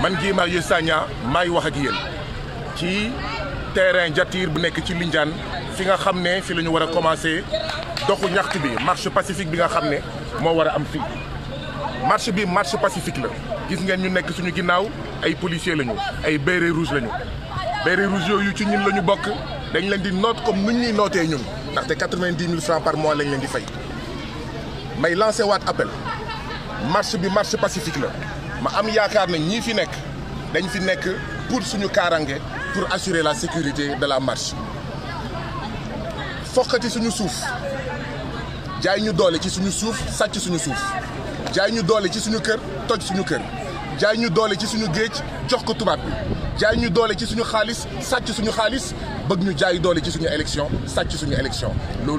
man Guy marié Sagna may wax ak est ci terrain jatir bu nek ci Lindiane fi nga xamné fi Vous commencer bi marche pacifique bi nga xamné mo wara am marche bi marche pacifique la gis ngeen ñu nek suñu ay policiers lañu ay bérets rouges lañu bérets rouges yu ci ñin la bok dañ leen di comme nuñ ñi noté ñun francs par mois lañ leen di fay may lancé waat appel marche bi marche pacifique la ma am yaakaar si pour suñu pour assurer la sécurité de la marche suñu suuf jaay ñu doole ci suñu suuf suñu suuf jaay nous doole ci suñu kër toj suñu kër jaay ñu nous ci suñu nous jox ko jaay ñu doole ci suñu nous suñu nous ñu jaay doole ci nous élection nous suñu élection nous